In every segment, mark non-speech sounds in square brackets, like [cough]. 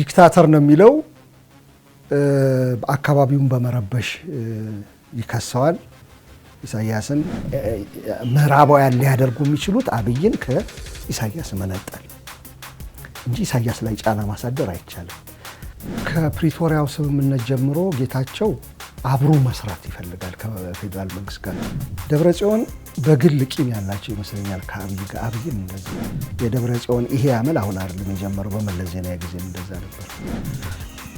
ዲክታተር ነው የሚለው አካባቢውን በመረበሽ ይከሰዋል። ኢሳያስን ምዕራባውያን ሊያደርጉ የሚችሉት አብይን ከኢሳያስ መነጠል እንጂ ኢሳያስ ላይ ጫና ማሳደር አይቻልም። ከፕሪቶሪያው ስምምነት ጀምሮ ጌታቸው አብሮ መስራት ይፈልጋል ከፌዴራል መንግስት ጋር ደብረ ጽዮን በግል ቂም ያላቸው ይመስለኛል ከአብይ ጋር። አብይ እንደዚህ የደብረ ጽዮን ይሄ አመል አሁን አይደለም የጀመረው፣ በመለስ ዜናዊ ጊዜ እንደዛ ነበር።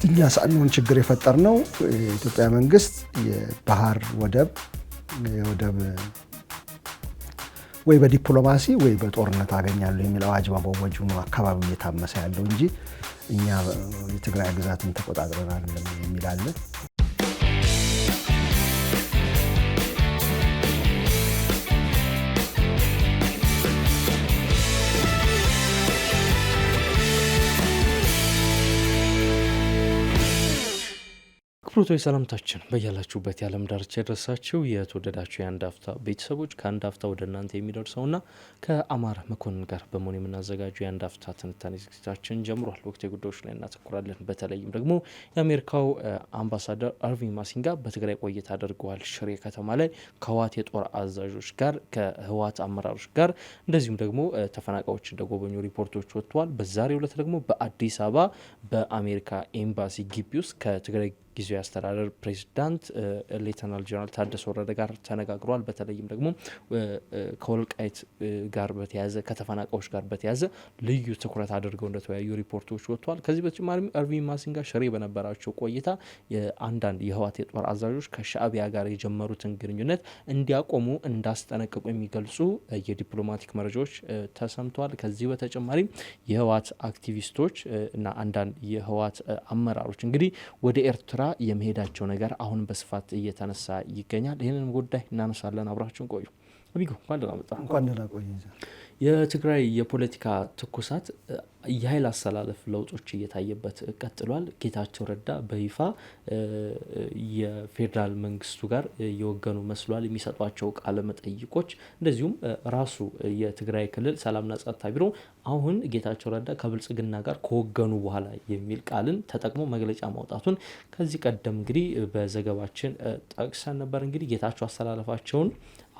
እኛ ሳንሆን ችግር ነው የኢትዮጵያ መንግስት የባህር ወደብ የወደብ ወይ በዲፕሎማሲ ወይ በጦርነት አገኛለሁ የሚል አዋጅ ማወጁ ነው አካባቢ እየታመሰ ያለው እንጂ እኛ የትግራይ ግዛትን ተቆጣጥረናል የሚላለን አክብሮታዊ ሰላምታችን በያላችሁበት የዓለም ዳርቻ የደረሳችሁ የተወደዳችሁ የአንድ አፍታ ቤተሰቦች ከአንድ አፍታ ወደ እናንተ የሚደርሰውና ከአማር መኮንን ጋር በመሆን የምናዘጋጀው የአንድ አፍታ ትንታኔ ዝግጅታችን ጀምሯል። ወቅታዊ ጉዳዮች ላይ እናተኩራለን። በተለይም ደግሞ የአሜሪካው አምባሳደር አርቪን ማሲንጋ በትግራይ ቆይታ አድርገዋል። ሽሬ ከተማ ላይ ከህወሓት የጦር አዛዦች ጋር ከህወሓት አመራሮች ጋር እንደዚሁም ደግሞ ተፈናቃዮች እንደጎበኙ ሪፖርቶች ወጥተዋል። በዛሬው ዕለት ደግሞ በአዲስ አበባ በአሜሪካ ኤምባሲ ግቢ ውስጥ ከትግራይ ጊዜያዊ አስተዳደር ፕሬዚዳንት ሌተናል ጀነራል ታደሰ ወረደ ጋር ተነጋግሯል። በተለይም ደግሞ ከወልቃይት ጋር በተያዘ ከተፈናቃዮች ጋር በተያዘ ልዩ ትኩረት አድርገው እንደተወያዩ ሪፖርቶች ወጥተዋል። ከዚህ በተጨማሪም እርቪን ማሲንጋ ሽሬ በነበራቸው ቆይታ አንዳንድ የህወሓት የጦር አዛዦች ከሻዕቢያ ጋር የጀመሩትን ግንኙነት እንዲያቆሙ እንዳስጠነቀቁ የሚገልጹ የዲፕሎማቲክ መረጃዎች ተሰምተዋል። ከዚህ በተጨማሪም የህወሓት አክቲቪስቶች እና አንዳንድ የህወሓት አመራሮች እንግዲህ ወደ ኤርትራ ስፍራ የመሄዳቸው ነገር አሁን በስፋት እየተነሳ ይገኛል። ይህንንም ጉዳይ እናነሳለን። አብራችሁን ቆዩ። አቢጎ እንኳን ደህና መጣ። እንኳን ደህና ቆይ። የትግራይ የፖለቲካ ትኩሳት የኃይል አሰላለፍ ለውጦች እየታየበት ቀጥሏል። ጌታቸው ረዳ በይፋ የፌዴራል መንግስቱ ጋር እየወገኑ መስሏል። የሚሰጧቸው ቃለ መጠይቆች እንደዚሁም ራሱ የትግራይ ክልል ሰላምና ጸጥታ ቢሮ አሁን ጌታቸው ረዳ ከብልጽግና ጋር ከወገኑ በኋላ የሚል ቃልን ተጠቅሞ መግለጫ ማውጣቱን ከዚህ ቀደም እንግዲህ በዘገባችን ጠቅሰን ነበር። እንግዲህ ጌታቸው አሰላለፋቸውን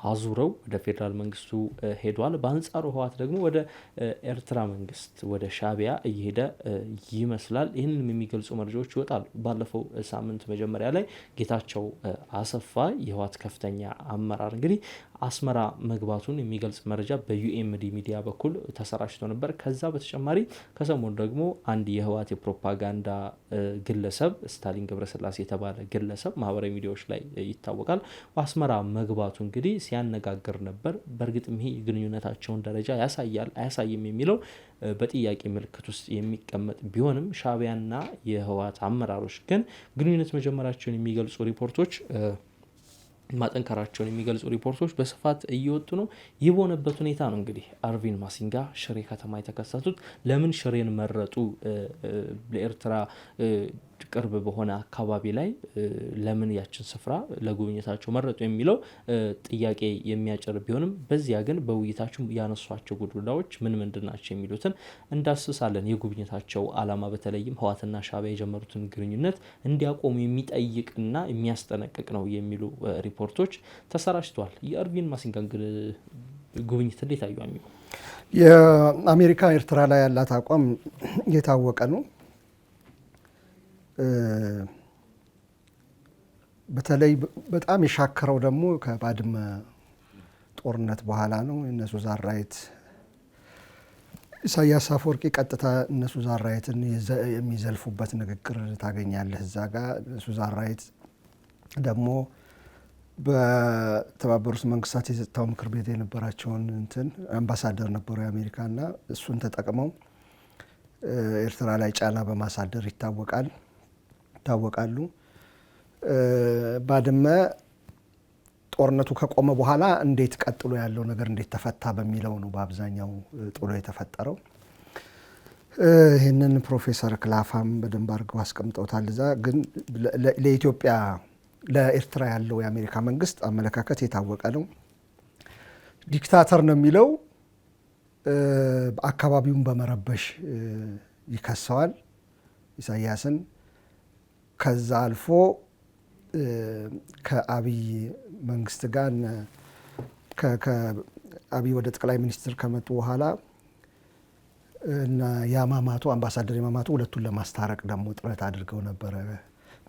አዙረው ወደ ፌዴራል መንግስቱ ሄዷል። በአንጻሩ ህወሓት ደግሞ ወደ ኤርትራ መንግስት ወደ ሻቢያ እየሄደ ይመስላል። ይህንንም የሚገልጹ መረጃዎች ይወጣሉ። ባለፈው ሳምንት መጀመሪያ ላይ ጌታቸው አሰፋ የህወሓት ከፍተኛ አመራር እንግዲህ አስመራ መግባቱን የሚገልጽ መረጃ በዩኤምዲ ሚዲያ በኩል ተሰራጭቶ ነበር። ከዛ በተጨማሪ ከሰሞኑ ደግሞ አንድ የህወሓት የፕሮፓጋንዳ ግለሰብ ስታሊን ገብረስላሴ የተባለ ግለሰብ ማህበራዊ ሚዲያዎች ላይ ይታወቃል። አስመራ መግባቱ እንግዲህ ሲያነጋግር ነበር። በእርግጥም ይሄ የግንኙነታቸውን ደረጃ ያሳያል አያሳይም የሚለው በጥያቄ ምልክት ውስጥ የሚቀመጥ ቢሆንም ሻቢያና የህወሓት አመራሮች ግን ግንኙነት መጀመራቸውን የሚገልጹ ሪፖርቶች ማጠንከራቸውን የሚገልጹ ሪፖርቶች በስፋት እየወጡ ነው። ይህ በሆነበት ሁኔታ ነው እንግዲህ አርቪን ማሲንጋ ሽሬ ከተማ የተከሰቱት። ለምን ሽሬን መረጡ? ለኤርትራ ቅርብ በሆነ አካባቢ ላይ ለምን ያችን ስፍራ ለጉብኝታቸው መረጡ የሚለው ጥያቄ የሚያጭር ቢሆንም በዚያ ግን በውይይታችሁ ያነሷቸው ጉዳዮች ምን ምንድን ናቸው የሚሉትን እንዳስሳለን። የጉብኝታቸው ዓላማ በተለይም ህዋትና ሻቢያ የጀመሩትን ግንኙነት እንዲያቆሙ የሚጠይቅና የሚያስጠነቅቅ ነው የሚሉ ሪፖርቶች ተሰራጭተዋል። የእርቪን ማሲንጋ ጉብኝት እንዴት አዩ? የአሜሪካ ኤርትራ ላይ ያላት አቋም የታወቀ ነው። በተለይ በጣም የሻከረው ደግሞ ከባድመ ጦርነት በኋላ ነው። እነሱ ዛራይት ኢሳያስ አፈወርቂ ቀጥታ እነሱ ዛራይትን የሚዘልፉበት ንግግር ታገኛለህ እዛ ጋ። እነሱ ዛራይት ደግሞ በተባበሩት መንግስታት የጸጥታው ምክር ቤት የነበራቸውን እንትን አምባሳደር ነበሩ የአሜሪካና እሱን ተጠቅመው ኤርትራ ላይ ጫና በማሳደር ይታወቃል። ይታወቃሉ። ባድመ ጦርነቱ ከቆመ በኋላ እንዴት ቀጥሎ ያለው ነገር እንዴት ተፈታ በሚለው ነው በአብዛኛው ጥሎ የተፈጠረው። ይህንን ፕሮፌሰር ክላፋም በደንብ አድርገው አስቀምጠውታል። እዛ ግን ለኢትዮጵያ ለኤርትራ ያለው የአሜሪካ መንግስት አመለካከት የታወቀ ነው። ዲክታተር ነው የሚለው አካባቢውን በመረበሽ ይከሰዋል ኢሳያስን ከዛ አልፎ ከአብይ መንግስት ጋር አብይ ወደ ጠቅላይ ሚኒስትር ከመጡ በኋላ እና የማማቱ አምባሳደር የማማቱ ሁለቱን ለማስታረቅ ደግሞ ጥረት አድርገው ነበረ።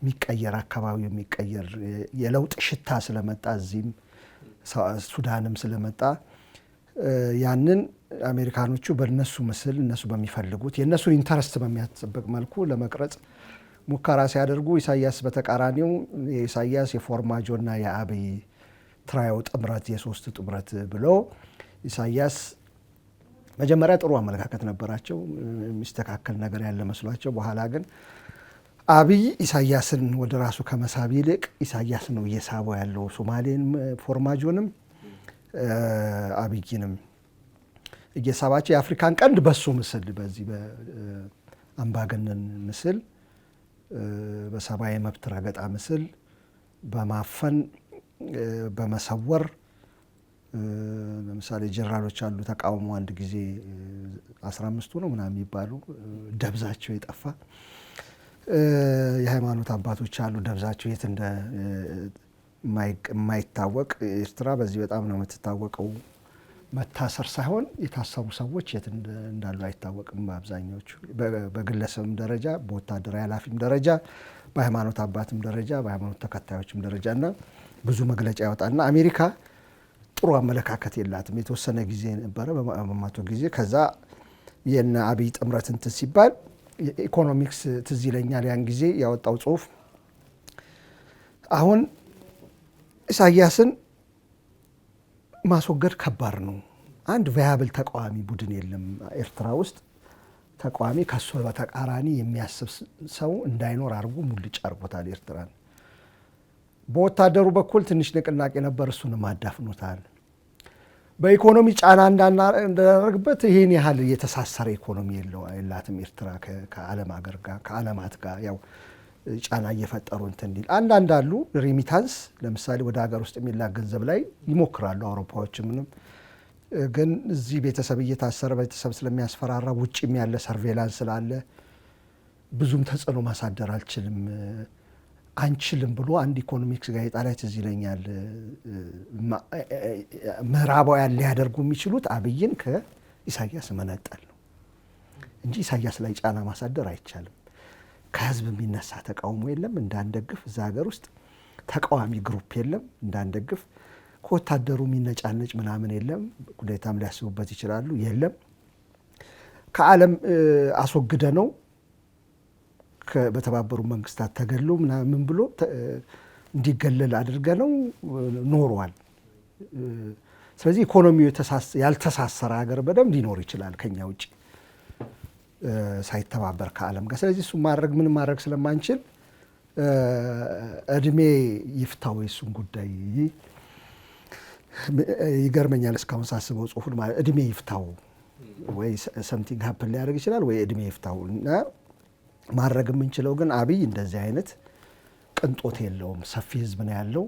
የሚቀየር አካባቢው የሚቀየር የለውጥ ሽታ ስለመጣ እዚህም ሱዳንም ስለመጣ ያንን አሜሪካኖቹ በነሱ ምስል እነሱ በሚፈልጉት የእነሱን ኢንተረስት በሚያስጠብቅ መልኩ ለመቅረጽ ሙከራ ሲያደርጉ ኢሳያስ በተቃራኒው የኢሳያስ የፎርማጆና የአብይ ትራዮ ጥምረት የሶስት ጥምረት ብሎ ኢሳያስ መጀመሪያ ጥሩ አመለካከት ነበራቸው፣ የሚስተካከል ነገር ያለ መስሏቸው። በኋላ ግን አብይ ኢሳያስን ወደ ራሱ ከመሳብ ይልቅ ኢሳያስ ነው እየሳበው ያለው ሶማሌንም ፎርማጆንም አብይንም እየሳባቸው የአፍሪካን ቀንድ በሱ ምስል በዚህ በአምባገነን ምስል በሰብአዊ መብት ረገጣ ምስል በማፈን በመሰወር ለምሳሌ ጀነራሎች አሉ ተቃውሞ አንድ ጊዜ አስራ አምስቱ ነው ምናምን የሚባሉ ደብዛቸው የጠፋ የሃይማኖት አባቶች አሉ ደብዛቸው የት እንደ የማይታወቅ ኤርትራ በዚህ በጣም ነው የምትታወቀው። መታሰር ሳይሆን የታሰሩ ሰዎች የት እንዳሉ አይታወቅም። አብዛኛዎቹ በግለሰብም ደረጃ በወታደራዊ ኃላፊም ደረጃ በሃይማኖት አባትም ደረጃ በሃይማኖት ተከታዮችም ደረጃ እና ብዙ መግለጫ ያወጣልና አሜሪካ ጥሩ አመለካከት የላትም። የተወሰነ ጊዜ ነበረ በመቶ ጊዜ ከዛ የነ አብይ ጥምረት እንትን ሲባል ኢኮኖሚክስ ትዝ ይለኛል ያን ጊዜ ያወጣው ጽሁፍ አሁን ኢሳያስን ማስወገድ ከባድ ነው። አንድ ቫያብል ተቃዋሚ ቡድን የለም ኤርትራ ውስጥ። ተቃዋሚ ከሱ በተቃራኒ የሚያስብ ሰው እንዳይኖር አድርጎ ሙልጭ አድርጎታል ኤርትራን። በወታደሩ በኩል ትንሽ ንቅናቄ ነበር፣ እሱንም አዳፍኖታል። በኢኮኖሚ ጫና እንዳናደርግበት ይህን ያህል የተሳሰረ ኢኮኖሚ የላትም ኤርትራ ከዓለም ሀገር ጋር ከዓለማት ጋር ያው ጫና እየፈጠሩ እንትን እንዲል አንዳንድ አሉ ሪሚታንስ ለምሳሌ ወደ ሀገር ውስጥ የሚላክ ገንዘብ ላይ ይሞክራሉ አውሮፓዎች ምንም ግን እዚህ ቤተሰብ እየታሰረ ቤተሰብ ስለሚያስፈራራ ውጭም ያለ ሰርቬላንስ ስላለ ብዙም ተጽዕኖ ማሳደር አልችልም አንችልም ብሎ አንድ ኢኮኖሚክስ ጋዜጣ ላይ ትዝ ይለኛል ምዕራባውያን ሊያደርጉ የሚችሉት አብይን ከኢሳያስ መነጠል ነው እንጂ ኢሳያስ ላይ ጫና ማሳደር አይቻልም ከህዝብ የሚነሳ ተቃውሞ የለም፣ እንዳንደግፍ። እዛ ሀገር ውስጥ ተቃዋሚ ግሩፕ የለም፣ እንዳንደግፍ። ከወታደሩ የሚነጫነጭ ምናምን የለም። ሁኔታም ሊያስቡበት ይችላሉ፣ የለም። ከዓለም አስወግደ ነው በተባበሩ መንግስታት ተገሎ ምናምን ብሎ እንዲገለል አድርገ ነው ኖሯል። ስለዚህ ኢኮኖሚው ያልተሳሰረ ሀገር በደንብ ሊኖር ይችላል ከኛ ውጭ ሳይተባበር ከዓለም ጋር ስለዚህ እሱ ማድረግ ምን ማድረግ ስለማንችል እድሜ ይፍታው የሱን ጉዳይ ይገርመኛል። እስካሁን ሳስበው ጽሁፉን ማለት እድሜ ይፍታው ወይ ሰምቲንግ ሀፕን ሊያደርግ ይችላል ወይ እድሜ ይፍታው እና ማድረግ የምንችለው ግን አብይ እንደዚህ አይነት ቅንጦት የለውም። ሰፊ ህዝብ ነው ያለው።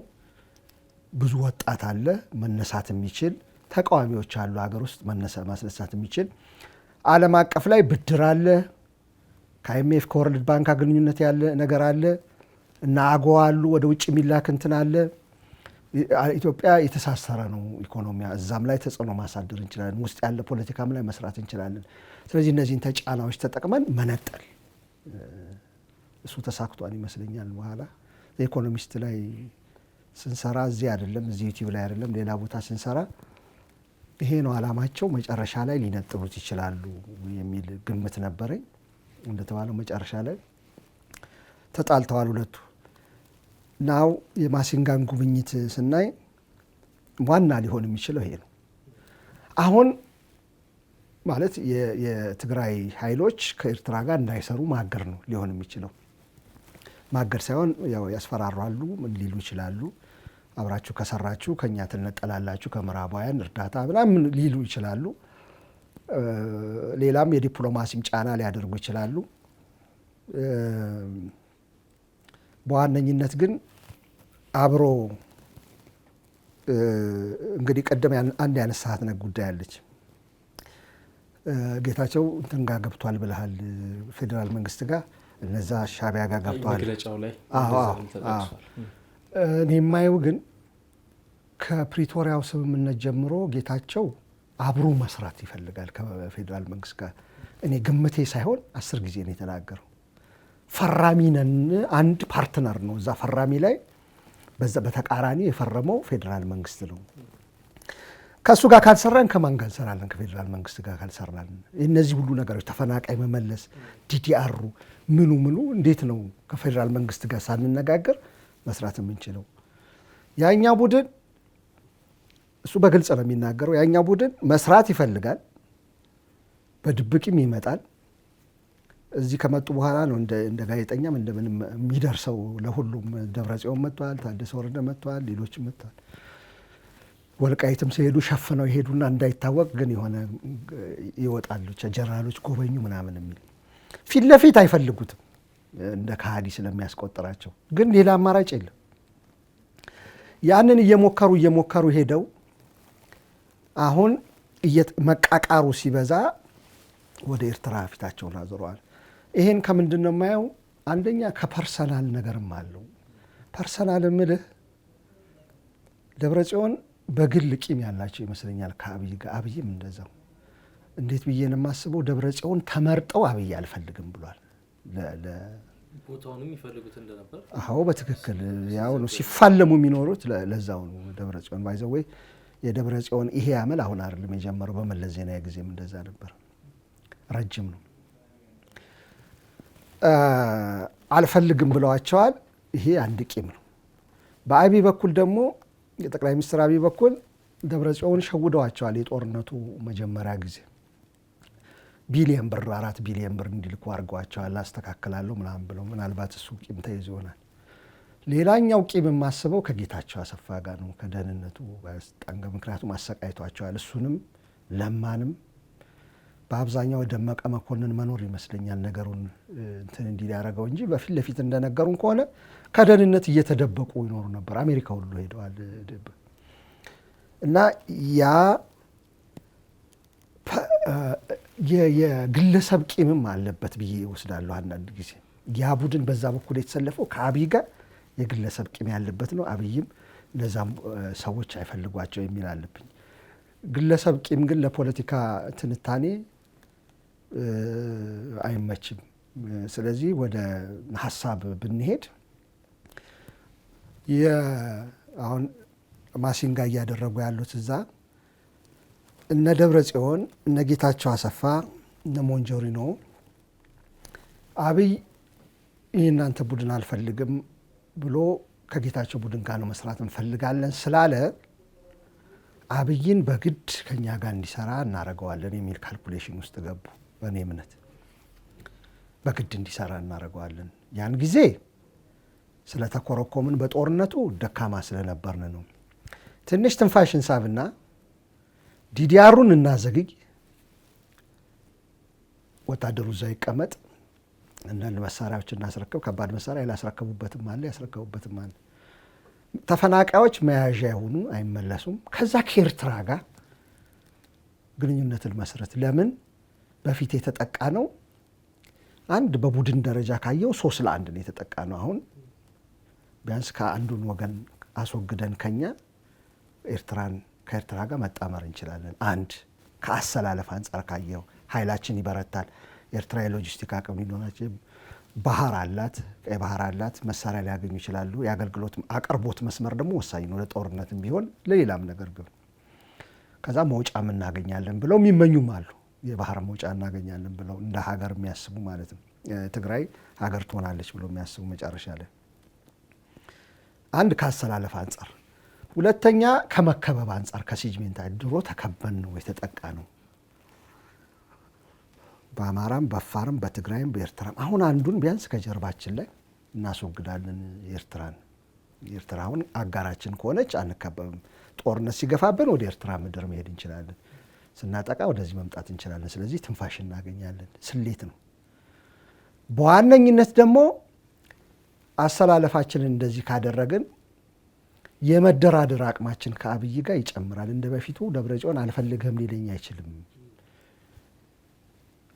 ብዙ ወጣት አለ መነሳት የሚችል ተቃዋሚዎች አሉ ሀገር ውስጥ ማስነሳት የሚችል ዓለም አቀፍ ላይ ብድር አለ፣ ከአይምኤፍ ከወርልድ ባንክ ግንኙነት ያለ ነገር አለ እና አጎ አሉ ወደ ውጭ የሚላክ እንትን አለ። ኢትዮጵያ የተሳሰረ ነው ኢኮኖሚያ። እዛም ላይ ተጽዕኖ ማሳደር እንችላለን። ውስጥ ያለ ፖለቲካም ላይ መስራት እንችላለን። ስለዚህ እነዚህን ተጫናዎች ተጠቅመን መነጠል እሱ ተሳክቷን ይመስለኛል። በኋላ ኢኮኖሚስት ላይ ስንሰራ እዚህ አይደለም እዚህ ዩቲዩብ ላይ አይደለም ሌላ ቦታ ስንሰራ ይሄ ነው አላማቸው፣ መጨረሻ ላይ ሊነጥሉት ይችላሉ የሚል ግምት ነበረኝ። እንደተባለው መጨረሻ ላይ ተጣልተዋል ሁለቱ። ናው የማሲንጋን ጉብኝት ስናይ ዋና ሊሆን የሚችለው ይሄ ነው። አሁን ማለት የትግራይ ኃይሎች ከኤርትራ ጋር እንዳይሰሩ ማገር ነው ሊሆን የሚችለው። ማገር ሳይሆን ያው ሊሉ ይችላሉ። አብራችሁ ከሰራችሁ ከእኛ ትነጠላላችሁ ከምዕራባውያን እርዳታ ምናምን ሊሉ ይችላሉ። ሌላም የዲፕሎማሲም ጫና ሊያደርጉ ይችላሉ። በዋነኝነት ግን አብሮ እንግዲህ ቀደም አንድ ያነሳት ነ ጉዳይ አለች። ጌታቸው እንትን ጋር ገብቷል ብለሃል፣ ፌዴራል መንግስት ጋር እነዛ ሻቢያ ጋር ገብተዋል። እኔ የማየው ግን ከፕሪቶሪያው ስምምነት ጀምሮ ጌታቸው አብሮ መስራት ይፈልጋል ከፌዴራል መንግስት ጋር። እኔ ግምቴ ሳይሆን አስር ጊዜ ነው የተናገረው። ፈራሚ ነን፣ አንድ ፓርትነር ነው እዛ ፈራሚ ላይ በዛ በተቃራኒ የፈረመው ፌዴራል መንግስት ነው። ከእሱ ጋር ካልሰራን ከማን ጋር እንሰራለን? ከፌዴራል መንግስት ጋር ካልሰራን እነዚህ ሁሉ ነገሮች ተፈናቃይ መመለስ፣ ዲዲአሩ ምኑ ምኑ እንዴት ነው ከፌዴራል መንግስት ጋር ሳንነጋገር መስራት የምንችለው። ያኛ ቡድን እሱ በግልጽ ነው የሚናገረው። ያኛ ቡድን መስራት ይፈልጋል፣ በድብቅም ይመጣል። እዚህ ከመጡ በኋላ ነው እንደ ጋዜጠኛም እንደምንም የሚደርሰው ለሁሉም። ደብረጽዮን መጥተዋል፣ ታደሰ ወረደ መጥተዋል፣ ሌሎች መጥተዋል። ወልቃይትም ሲሄዱ ሸፍነው ይሄዱና እንዳይታወቅ ግን የሆነ ይወጣሉ፣ ጀነራሎች ጎበኙ ምናምን የሚል ፊት ለፊት አይፈልጉትም እንደ ካሃዲ ስለሚያስቆጥራቸው፣ ግን ሌላ አማራጭ የለም። ያንን እየሞከሩ እየሞከሩ ሄደው አሁን መቃቃሩ ሲበዛ ወደ ኤርትራ ፊታቸውን አዙረዋል። ይሄን ከምንድን ነው የማየው? አንደኛ ከፐርሰናል ነገርም አለው። ፐርሰናል ምልህ ደብረ ጽዮን በግል ቂም ያላቸው ይመስለኛል ከአብይ ጋር። አብይም እንደዛው። እንዴት ብዬ ነው የማስበው? ደብረ ጽዮን ተመርጠው አብይ አልፈልግም ብሏል። ቦታውንም ይፈልጉት እንደነበር አዎ፣ በትክክል ያው ነው ሲፋለሙ የሚኖሩት ለዛው ነው። ደብረ ጽዮን ባይዘው ወይ የደብረ ጽዮን ይሄ አመል አሁን አይደለም የጀመረው። በመለስ ዜናዊ ጊዜም እንደዛ ነበር። ረጅም ነው። አልፈልግም ብለዋቸዋል። ይሄ አንድ ቂም ነው። በአቢ በኩል ደግሞ የጠቅላይ ሚኒስትር አቢ በኩል ደብረ ጽዮን ሸውደዋቸዋል። የጦርነቱ መጀመሪያ ጊዜ ቢሊየን ብር አራት ቢሊየን ብር እንዲልኩ አድርገዋቸዋል። አስተካክላለሁ ምናምን ብለው ምናልባት እሱ ቂም ተይዞ ይሆናል። ሌላኛው ቂም የማስበው ከጌታቸው አሰፋ ጋር ነው፣ ከደህንነቱ ጠንገ ምክንያቱም አሰቃይቷቸዋል። እሱንም ለማንም በአብዛኛው ደመቀ መኮንን መኖር ይመስለኛል ነገሩን እንትን እንዲል ያደረገው እንጂ በፊት ለፊት እንደነገሩን ከሆነ ከደህንነት እየተደበቁ ይኖሩ ነበር። አሜሪካ ሁሉ ሄደዋል እና ያ የግለሰብ ቂምም አለበት ብዬ ይወስዳለሁ። አንዳንድ ጊዜ ያ ቡድን በዛ በኩል የተሰለፈው ከአብይ ጋር የግለሰብ ቂም ያለበት ነው። አብይም እነዛም ሰዎች አይፈልጓቸው የሚል አለብኝ። ግለሰብ ቂም ግን ለፖለቲካ ትንታኔ አይመችም። ስለዚህ ወደ ሀሳብ ብንሄድ አሁን ማሲንጋ እያደረጉ ያሉት እዛ እነ ደብረ ጽዮን እነ ጌታቸው አሰፋ እነ ሞንጆሪኖ አብይ ይህ እናንተ ቡድን አልፈልግም ብሎ ከጌታቸው ቡድን ጋር ነው መስራት እንፈልጋለን ስላለ አብይን በግድ ከኛ ጋር እንዲሰራ እናደርገዋለን የሚል ካልኩሌሽን ውስጥ ገቡ። በእኔ እምነት በግድ እንዲሰራ እናደርገዋለን። ያን ጊዜ ስለተኮረኮምን በጦርነቱ ደካማ ስለነበርን ነው። ትንሽ ትንፋሽ እንሳብና ዲዲያሩን እናዘግይ፣ ወታደሩ እዛ ይቀመጥ፣ እነን መሳሪያዎች እናስረከብ። ከባድ መሳሪያ ላስረከቡበትም አለ፣ ያስረከቡበትም አለ። ተፈናቃዮች መያዣ የሆኑ አይመለሱም። ከዛ ከኤርትራ ጋር ግንኙነትን መስረት ለምን በፊት የተጠቃ ነው። አንድ በቡድን ደረጃ ካየው ሶስት ለአንድ ነው የተጠቃ ነው። አሁን ቢያንስ ከአንዱን ወገን አስወግደን ከኛ ኤርትራን ከኤርትራ ጋር መጣመር እንችላለን። አንድ ከአሰላለፍ አንጻር ካየው ኃይላችን ይበረታል። ኤርትራ የሎጂስቲክ አቅም ሊሆናቸው ባህር አላት፣ ቀይ ባህር አላት፣ መሳሪያ ሊያገኙ ይችላሉ። የአገልግሎት አቅርቦት መስመር ደግሞ ወሳኝ ነው፣ ለጦርነትም ቢሆን ለሌላም ነገር ግን ከዛ መውጫም እናገኛለን ብለው የሚመኙም አሉ። የባህር መውጫ እናገኛለን ብለው እንደ ሀገር የሚያስቡ ማለት ነው። ትግራይ ሀገር ትሆናለች ብሎ የሚያስቡ መጨረሻ ላይ አንድ ከአሰላለፍ አንጻር ሁለተኛ ከመከበብ አንጻር ከሲጅሜንታ ድሮ ተከበን ነው የተጠቃ ነው። በአማራም በአፋርም በትግራይም በኤርትራም አሁን አንዱን ቢያንስ ከጀርባችን ላይ እናስወግዳለን። ኤርትራን ኤርትራ አሁን አጋራችን ከሆነች አንከበብም። ጦርነት ሲገፋብን ወደ ኤርትራ ምድር መሄድ እንችላለን። ስናጠቃ ወደዚህ መምጣት እንችላለን። ስለዚህ ትንፋሽ እናገኛለን። ስሌት ነው። በዋነኝነት ደግሞ አሰላለፋችንን እንደዚህ ካደረግን የመደራደር አቅማችን ከአብይ ጋር ይጨምራል። እንደ በፊቱ ደብረጽዮን አልፈልግህም ሊለኝ አይችልም።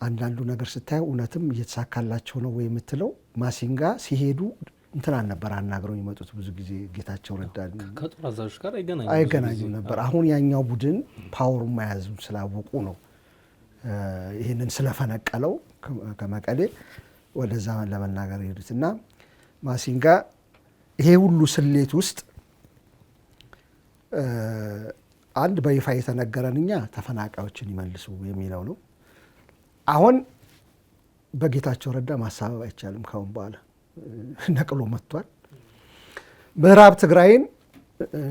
አንዳንዱ ነገር ስታየው እውነትም እየተሳካላቸው ነው ወይ የምትለው ማሲንጋ ሲሄዱ እንትናን ነበር አናግረው የመጡት ብዙ ጊዜ ጌታቸው ረዳ አይገናኙም ነበር። አሁን ያኛው ቡድን ፓወሩ መያዙን ስላወቁ ነው ይህንን ስለፈነቀለው ከመቀሌ ወደዛ ለመናገር ሄዱት እና ማሲንጋ ይሄ ሁሉ ስሌት ውስጥ አንድ በይፋ የተነገረን እኛ ተፈናቃዮችን ይመልሱ የሚለው ነው። አሁን በጌታቸው ረዳ ማሳበብ አይቻልም። ካሁን በኋላ ነቅሎ መጥቷል። ምዕራብ ትግራይን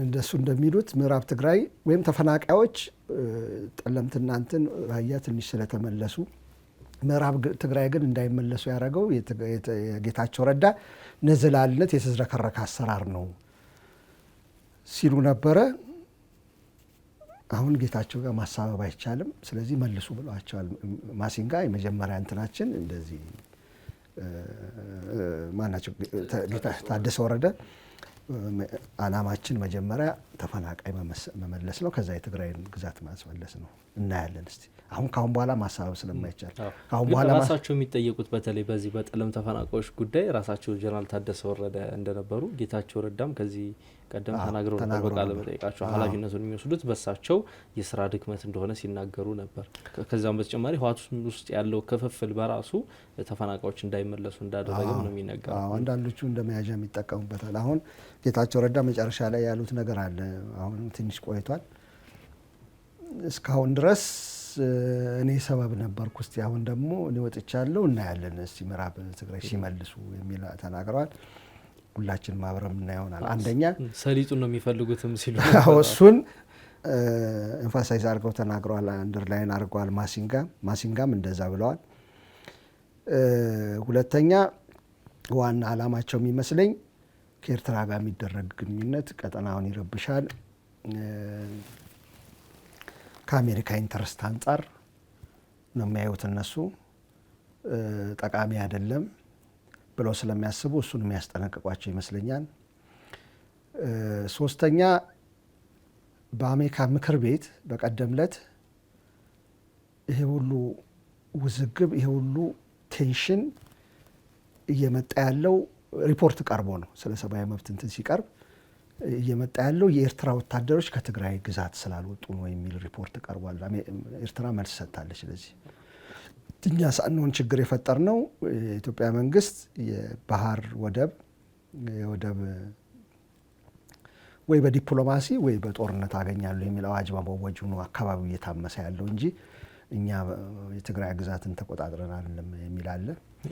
እንደሱ እንደሚሉት ምዕራብ ትግራይ ወይም ተፈናቃዮች ጠለምትናንትን ራያ ትንሽ ስለተመለሱ ምዕራብ ትግራይ ግን እንዳይመለሱ ያደረገው የጌታቸው ረዳ ነዝላልነት የተዝረከረከ አሰራር ነው። ሲሉ ነበረ። አሁን ጌታቸው ጋር ማሳበብ አይቻልም፣ ስለዚህ መልሱ ብለዋቸዋል። ማሲንጋ የመጀመሪያ እንትናችን እንደዚህ ማናቸው ታደሰ ወረደ አላማችን መጀመሪያ ተፈናቃይ መመለስ ነው። ከዛ የትግራይን ግዛት ማስመለስ ነው። እናያለን እስቲ አሁን ካሁን በኋላ ማሳበብ ስለማይቻል አሁን በኋላ ራሳቸው የሚጠየቁት በተለይ በዚህ በጠለም ተፈናቃዮች ጉዳይ ራሳቸው ጀነራል ታደሰ ወረደ እንደነበሩ ጌታቸው ረዳም ከዚህ ቀደም ተናግረው ነበር ቃለመጠይቃቸው ኃላፊነቱን የሚወስዱት በሳቸው የስራ ድክመት እንደሆነ ሲናገሩ ነበር። ከዚያም በተጨማሪ ህወሓት ውስጥ ያለው ክፍፍል በራሱ ተፈናቃዮች እንዳይመለሱ እንዳደረገም ነው የሚነገረው። አንዳንዶቹ እንደ መያዣ የሚጠቀሙበታል። አሁን ጌታቸው ረዳ መጨረሻ ላይ ያሉት ነገር አለ። አሁን ትንሽ ቆይቷል። እስካሁን ድረስ እኔ ሰበብ ነበርኩ፣ እስቲ አሁን ደግሞ እኔ ወጥቻለሁ፣ እናያለን እስቲ ምዕራብ ትግራይ ሲመልሱ የሚል ተናግረዋል። ሁላችንም ማብረ የምናየሆናል። አንደኛ ሰሊጡን ነው የሚፈልጉትም ሲሉ [laughs] እሱን ኤንፋሳይዝ አድርገው ተናግረዋል። አንደርላይን አድርገዋል። ማሲንጋ ማሲንጋም እንደዛ ብለዋል። ሁለተኛ ዋና አላማቸው የሚመስለኝ ከኤርትራ ጋር የሚደረግ ግንኙነት ቀጠናውን ይረብሻል፣ ከአሜሪካ ኢንተረስት አንጻር ነው የሚያዩት እነሱ ጠቃሚ አይደለም ብለው ስለሚያስቡ እሱን የሚያስጠነቅቋቸው ይመስለኛል። ሶስተኛ በአሜሪካ ምክር ቤት በቀደም ዕለት ይሄ ሁሉ ውዝግብ ይሄ ሁሉ ቴንሽን እየመጣ ያለው ሪፖርት ቀርቦ ነው። ስለ ሰብአዊ መብት እንትን ሲቀርብ እየመጣ ያለው የኤርትራ ወታደሮች ከትግራይ ግዛት ስላልወጡ ነው የሚል ሪፖርት ቀርቧል። ኤርትራ መልስ ሰጥታለች። ስለዚህ እኛ ሳንሆን ችግር የፈጠር ነው። የኢትዮጵያ መንግስት የባህር ወደብ የወደብ ወይ በዲፕሎማሲ ወይ በጦርነት አገኛሉ የሚል አዋጅ በማወጁ ነው አካባቢው እየታመሰ ያለው እንጂ እኛ የትግራይ ግዛትን ተቆጣጥረናል የሚል አለ።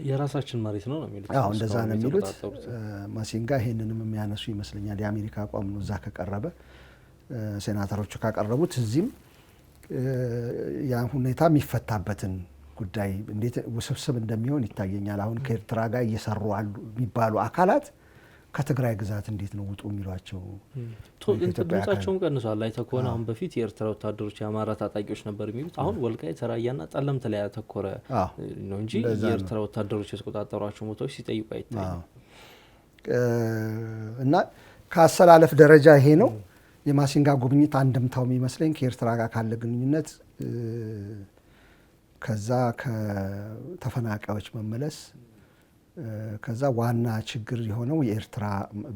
የራሳችን መሬት ነው ነው የሚሉት። እንደዛ ነው የሚሉት። ማሲንጋ ይሄንንም የሚያነሱ ይመስለኛል። የአሜሪካ አቋም ነው እዛ ከቀረበ ሴናተሮቹ ካቀረቡት እዚህም ያ ሁኔታ የሚፈታበትን ጉዳይ እንዴት ውስብስብ እንደሚሆን ይታየኛል። አሁን ከኤርትራ ጋር እየሰሩ አሉ የሚባሉ አካላት ከትግራይ ግዛት እንዴት ነው ውጡ የሚሏቸው? ድምጻቸውን ቀንሷል። ላይ ተኮነ አሁን በፊት የኤርትራ ወታደሮች የአማራ ታጣቂዎች ነበር የሚሉት፣ አሁን ወልቃይት ራያና ጠለምት ላይ ያተኮረ ነው እንጂ የኤርትራ ወታደሮች የተቆጣጠሯቸው ቦታዎች ሲጠይቁ አይታይም። እና ከአሰላለፍ ደረጃ ይሄ ነው የማሲንጋ ጉብኝት አንድምታው የሚመስለኝ ከኤርትራ ጋር ካለ ግንኙነት ከዛ ከተፈናቃዮች መመለስ ከዛ ዋና ችግር የሆነው የኤርትራ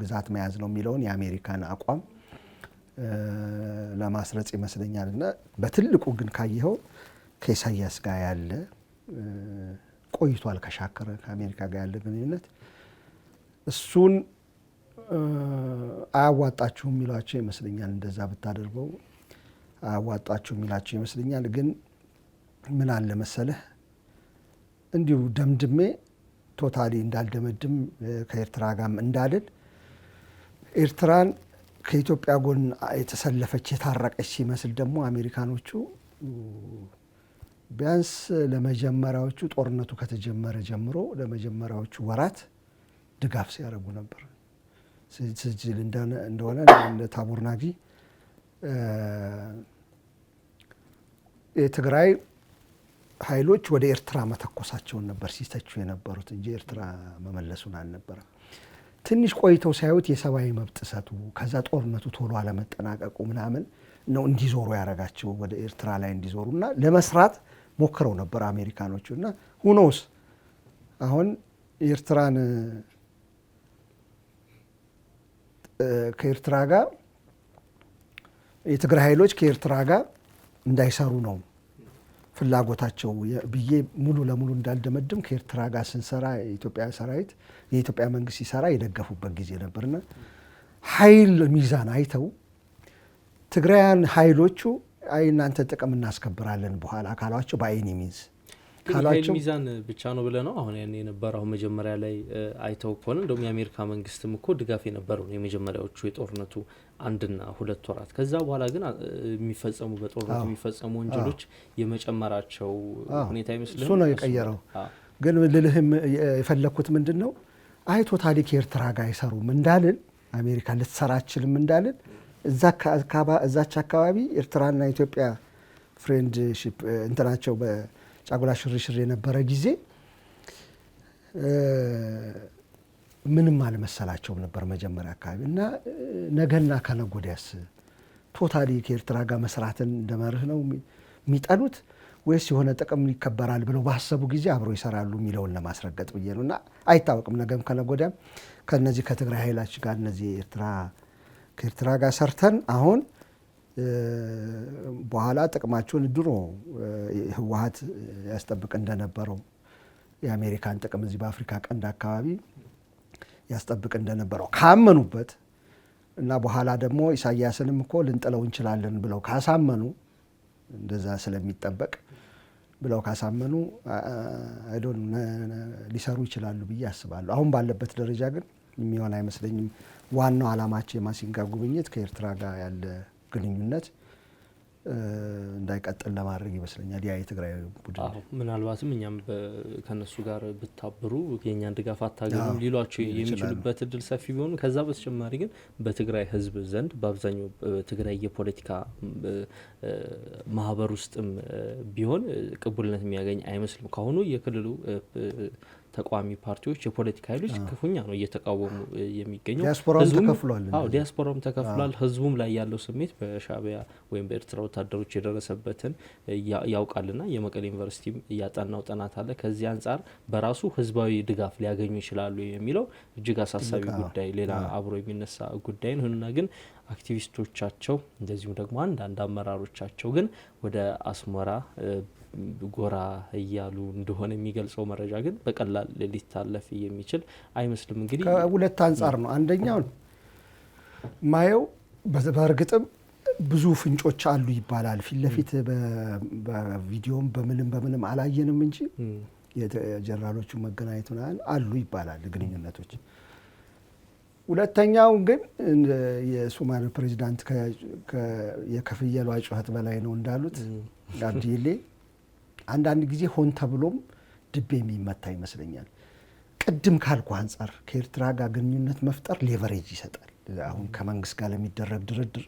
ግዛት መያዝ ነው የሚለውን የአሜሪካን አቋም ለማስረጽ ይመስለኛል። እና በትልቁ ግን ካየኸው ከኢሳያስ ጋር ያለ ቆይቷል፣ ከሻከረ ከአሜሪካ ጋር ያለ ግንኙነት እሱን አያዋጣችሁ የሚሏቸው ይመስለኛል። እንደዛ ብታደርገው አያዋጣችሁ የሚላቸው ይመስለኛል ግን ምን አለ መሰለህ እንዲሁ ደምድሜ ቶታሊ እንዳልደመድም ከኤርትራ ጋም እንዳልል ኤርትራን ከኢትዮጵያ ጎን የተሰለፈች የታረቀች ሲመስል ደግሞ አሜሪካኖቹ ቢያንስ ለመጀመሪያዎቹ ጦርነቱ ከተጀመረ ጀምሮ ለመጀመሪያዎቹ ወራት ድጋፍ ሲያደርጉ ነበር። ስጅል እንደሆነ እንደ ታቦር የትግራይ ኃይሎች ወደ ኤርትራ መተኮሳቸውን ነበር ሲተቹ የነበሩት እንጂ ኤርትራ መመለሱን አልነበረም። ትንሽ ቆይተው ሳያዩት የሰብአዊ መብት ጥሰቱ ከዛ ጦርነቱ ቶሎ አለመጠናቀቁ ምናምን ነው እንዲዞሩ ያደረጋቸው ወደ ኤርትራ ላይ እንዲዞሩ እና ለመስራት ሞክረው ነበር አሜሪካኖቹ እና ሁኖስ አሁን ኤርትራን ከኤርትራ ጋር የትግራይ ኃይሎች ከኤርትራ ጋር እንዳይሰሩ ነው ፍላጎታቸው ብዬ ሙሉ ለሙሉ እንዳልደመድም ከኤርትራ ጋር ስንሰራ የኢትዮጵያ ሰራዊት የኢትዮጵያ መንግስት ሲሰራ የደገፉበት ጊዜ ነበርና ኃይል ሚዛን አይተው ትግራያን ኃይሎቹ አይ እናንተ ጥቅም እናስከብራለን በኋላ አካሏቸው በአይኒ ሚንስ ካላቸው ሚዛን ብቻ ነው ብለ ነው አሁን ያን የነበረው መጀመሪያ ላይ አይተው ከሆነ እንደውም የአሜሪካ መንግስትም እኮ ድጋፍ የነበረው ነው የመጀመሪያዎቹ የጦርነቱ አንድና ሁለት ወራት። ከዛ በኋላ ግን የሚፈጸሙ በጦርነቱ የሚፈጸሙ ወንጀሎች የመጨመራቸው ሁኔታ ይመስልህ እሱ ነው የቀየረው። ግን ልልህም የፈለግኩት ምንድን ነው አይቶ ታሪክ የኤርትራ ጋር አይሰሩም እንዳልን አሜሪካ ልትሰራችልም እንዳልን እዛች አካባቢ ኤርትራና ኢትዮጵያ ፍሬንድሽፕ እንትናቸው ጫጉላ ሽርሽር የነበረ ጊዜ ምንም አልመሰላቸውም ነበር መጀመሪያ አካባቢ እና ነገና ከነጎዳያስ ቶታሊ ከኤርትራ ጋር መስራትን እንደመርህ ነው የሚጠሉት ወይስ የሆነ ጥቅም ይከበራል ብለው ባሰቡ ጊዜ አብረው ይሰራሉ የሚለውን ለማስረገጥ ብዬ ነው። እና አይታወቅም፣ ነገም ከነጎዳም ከነዚህ ከትግራይ ኃይላች ጋር እነዚህ ኤርትራ ከኤርትራ ጋር ሰርተን አሁን በኋላ ጥቅማቸውን ድሮ ህወሀት ያስጠብቅ እንደነበረው የአሜሪካን ጥቅም እዚህ በአፍሪካ ቀንድ አካባቢ ያስጠብቅ እንደነበረው ካመኑበት እና በኋላ ደግሞ ኢሳያስንም እኮ ልንጥለው እንችላለን ብለው ካሳመኑ እንደዛ ስለሚጠበቅ ብለው ካሳመኑ አይዶን ሊሰሩ ይችላሉ ብዬ አስባለሁ። አሁን ባለበት ደረጃ ግን የሚሆን አይመስለኝም። ዋናው አላማቸው የማሲንጋ ጉብኝት ከኤርትራ ጋር ያለ ግንኙነት እንዳይቀጥል ለማድረግ ይመስለኛል ያ የትግራይ ቡድን ምናልባትም እኛም ከነሱ ጋር ብታብሩ የእኛን ድጋፍ አታገኙ ሊሏቸው የሚችሉበት እድል ሰፊ ቢሆኑ ከዛ በተጨማሪ ግን በትግራይ ሕዝብ ዘንድ በአብዛኛው በትግራይ የፖለቲካ ማህበር ውስጥም ቢሆን ቅቡልነት የሚያገኝ አይመስልም። ከሆኑ የክልሉ ተቃዋሚ ፓርቲዎች፣ የፖለቲካ ኃይሎች ክፉኛ ነው እየተቃወሙ የሚገኘው። ዲያስፖራውም ተከፍሏል። ህዝቡም ላይ ያለው ስሜት በሻቢያ ወይም በኤርትራ ወታደሮች የደረሰበትን ያውቃልና የመቀሌ ዩኒቨርሲቲም እያጠናው ጥናት አለ። ከዚህ አንጻር በራሱ ህዝባዊ ድጋፍ ሊያገኙ ይችላሉ የሚለው እጅግ አሳሳቢ ጉዳይ፣ ሌላ አብሮ የሚነሳ ጉዳይ ነው። ይሁንና ግን አክቲቪስቶቻቸው እንደዚሁም ደግሞ አንዳንድ አመራሮቻቸው ግን ወደ አስመራ ጎራ እያሉ እንደሆነ የሚገልጸው መረጃ ግን በቀላል ሊታለፍ የሚችል አይመስልም። እንግዲህ ከሁለት አንጻር ነው። አንደኛው ማየው በእርግጥም ብዙ ፍንጮች አሉ ይባላል። ፊት ለፊት በቪዲዮም በምንም በምንም አላየንም እንጂ የጀነራሎቹ መገናኘት ምናምን አሉ ይባላል ግንኙነቶች። ሁለተኛው ግን የሶማሌ ፕሬዚዳንት የከፍየሏ ጩኸት በላይ ነው እንዳሉት አብዲሌ አንዳንድ ጊዜ ሆን ተብሎም ድቤ የሚመታ ይመስለኛል። ቅድም ካልኩ አንጻር ከኤርትራ ጋር ግንኙነት መፍጠር ሌቨሬጅ ይሰጣል። አሁን ከመንግስት ጋር ለሚደረግ ድርድር፣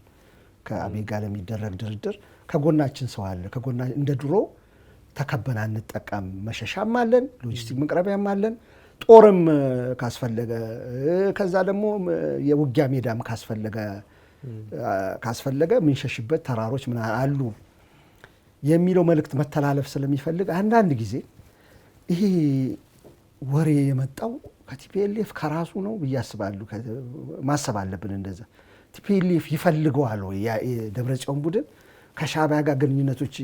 ከአቤ ጋር ለሚደረግ ድርድር ከጎናችን ሰው አለ። ከጎና እንደ ድሮ ተከበና እንጠቃም። መሸሻም አለን፣ ሎጂስቲክ መቅረቢያም አለን፣ ጦርም ካስፈለገ ከዛ ደግሞ የውጊያ ሜዳም ካስፈለገ ካስፈለገ የምንሸሽበት ተራሮች ምናምን አሉ። የሚለው መልእክት መተላለፍ ስለሚፈልግ አንዳንድ ጊዜ ይሄ ወሬ የመጣው ከቲፒኤልኤፍ ከራሱ ነው ብዬ አስባለሁ። ማሰብ አለብን እንደዛ። ቲፒኤልኤፍ ይፈልገዋል ወይ የደብረጽዮን ቡድን ከሻዕቢያ ጋር ግንኙነቶች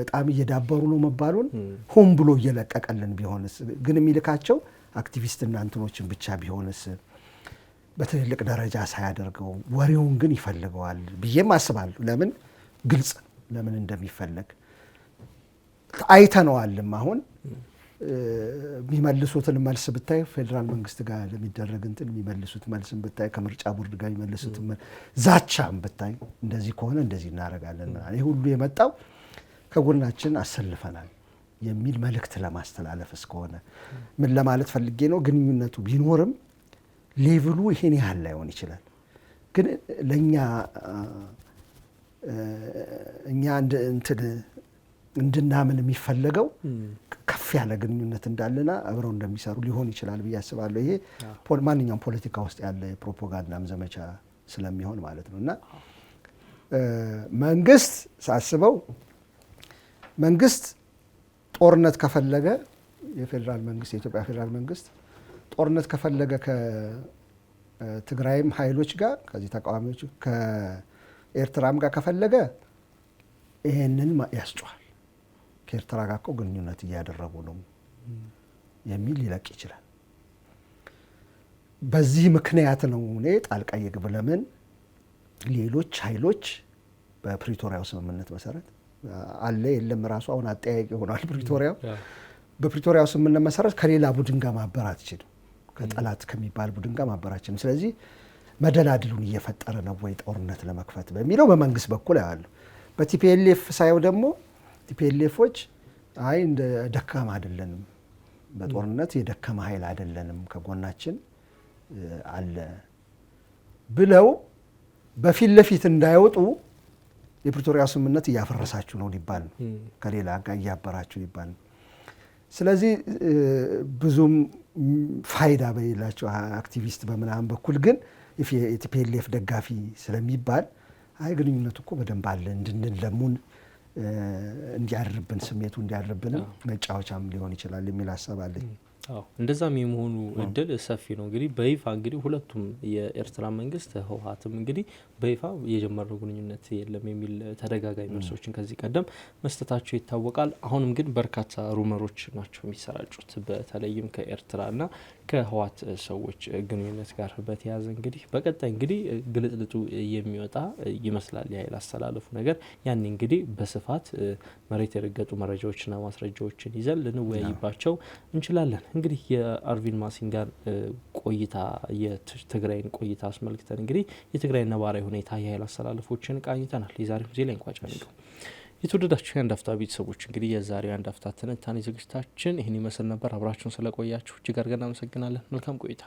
በጣም እየዳበሩ ነው መባሉን ሆን ብሎ እየለቀቀልን ቢሆንስ፣ ግን የሚልካቸው አክቲቪስትና እንትኖችን ብቻ ቢሆንስ፣ በትልልቅ ደረጃ ሳያደርገው ወሬውን ግን ይፈልገዋል ብዬም አስባለሁ። ለምን ግልጽ ለምን እንደሚፈለግ አይተነዋልም። አሁን የሚመልሱትን መልስ ብታይ ፌዴራል መንግስት ጋር ለሚደረግ እንትን የሚመልሱት መልስም ብታይ ከምርጫ ቦርድ ጋር የሚመልሱት ዛቻም ብታይ እንደዚህ ከሆነ እንደዚህ እናደርጋለን ምናምን ይህ ሁሉ የመጣው ከጎናችን አሰልፈናል የሚል መልእክት ለማስተላለፍ እስከሆነ ምን ለማለት ፈልጌ ነው፣ ግንኙነቱ ቢኖርም ሌቭሉ ይሄን ያህል ላይሆን ይችላል። ግን ለእኛ እኛ እንትን እንድናምን የሚፈለገው ከፍ ያለ ግንኙነት እንዳለና አብረው እንደሚሰሩ ሊሆን ይችላል ብዬ አስባለሁ። ይሄ ማንኛውም ፖለቲካ ውስጥ ያለ የፕሮፓጋንዳም ዘመቻ ስለሚሆን ማለት ነው እና መንግስት ሳስበው መንግስት ጦርነት ከፈለገ የፌዴራል መንግስት የኢትዮጵያ ፌዴራል መንግስት ጦርነት ከፈለገ ከትግራይም ኃይሎች ጋር ከዚህ ተቃዋሚዎች ኤርትራም ጋር ከፈለገ ይሄንን ያስጨዋል። ከኤርትራ ጋር እኮ ግንኙነት እያደረጉ ነው የሚል ሊለቅ ይችላል። በዚህ ምክንያት ነው እኔ ጣልቃ ይግቡ። ለምን ሌሎች ኃይሎች በፕሪቶሪያው ስምምነት መሰረት አለ የለም ራሱ አሁን አጠያቂ ሆኗል። ፕሪቶሪያው በፕሪቶሪያው ስምምነት መሰረት ከሌላ ቡድን ጋር ማበር አትችልም፣ ከጠላት ከሚባል ቡድን ጋር ማበር አትችልም። ስለዚህ መደላድሉን እየፈጠረ ነው ወይ ጦርነት ለመክፈት በሚለው በመንግስት በኩል አያለሁ። በቲፒኤልኤፍ ሳየው ደግሞ ቲፒኤልኤፎች አይ እንደ ደካማ አይደለንም፣ በጦርነት የደከመ ኃይል አይደለንም፣ ከጎናችን አለ ብለው በፊት ለፊት እንዳይወጡ የፕሪቶሪያ ስምምነት እያፈረሳችሁ ነው ሊባል ነው፣ ከሌላ ጋር እያበራችሁ ሊባል ነው። ስለዚህ ብዙም ፋይዳ በሌላቸው አክቲቪስት በምናምን በኩል ግን የቲፒኤልኤፍ ደጋፊ ስለሚባል አይ ግንኙነት እኮ በደንብ አለ እንድንል ለሙን እንዲያድርብን ስሜቱ እንዲያድርብንም መጫወቻም ሊሆን ይችላል የሚል ሀሳብ አለኝ። እንደዛም የመሆኑ እድል ሰፊ ነው። እንግዲህ በይፋ እንግዲህ ሁለቱም የኤርትራ መንግስት ህወሀትም እንግዲህ በይፋ የጀመረው ግንኙነት የለም የሚል ተደጋጋሚ መልሶችን ከዚህ ቀደም መስጠታቸው ይታወቃል። አሁንም ግን በርካታ ሩመሮች ናቸው የሚሰራጩት በተለይም ከኤርትራና ከህወሀት ሰዎች ግንኙነት ጋር በተያያዘ እንግዲህ በቀጣይ እንግዲህ ግልጥልጡ የሚወጣ ይመስላል የኃይል አስተላለፉ ነገር። ያኔ እንግዲህ በስፋት መሬት የረገጡ መረጃዎችና ማስረጃዎችን ይዘን ልንወያይባቸው እንችላለን። እንግዲህ የአርቪን ማሲንጋን ቆይታ የትግራይን ቆይታ አስመልክተን እንግዲህ የትግራይ ነባራዊ ሁኔታ የኃይል አሰላለፎችን ቃኝተናል። የዛሬ ጊዜ ላይ እንቋጫለን። የተወደዳችሁ የአንድ አፍታ ቤተሰቦች እንግዲህ የዛሬው የአንድ አፍታ ትንታኔ ዝግጅታችን ይህን ይመስል ነበር። አብራችሁን ስለቆያችሁ እጅግ አድርገን አመሰግናለን መልካም ቆይታ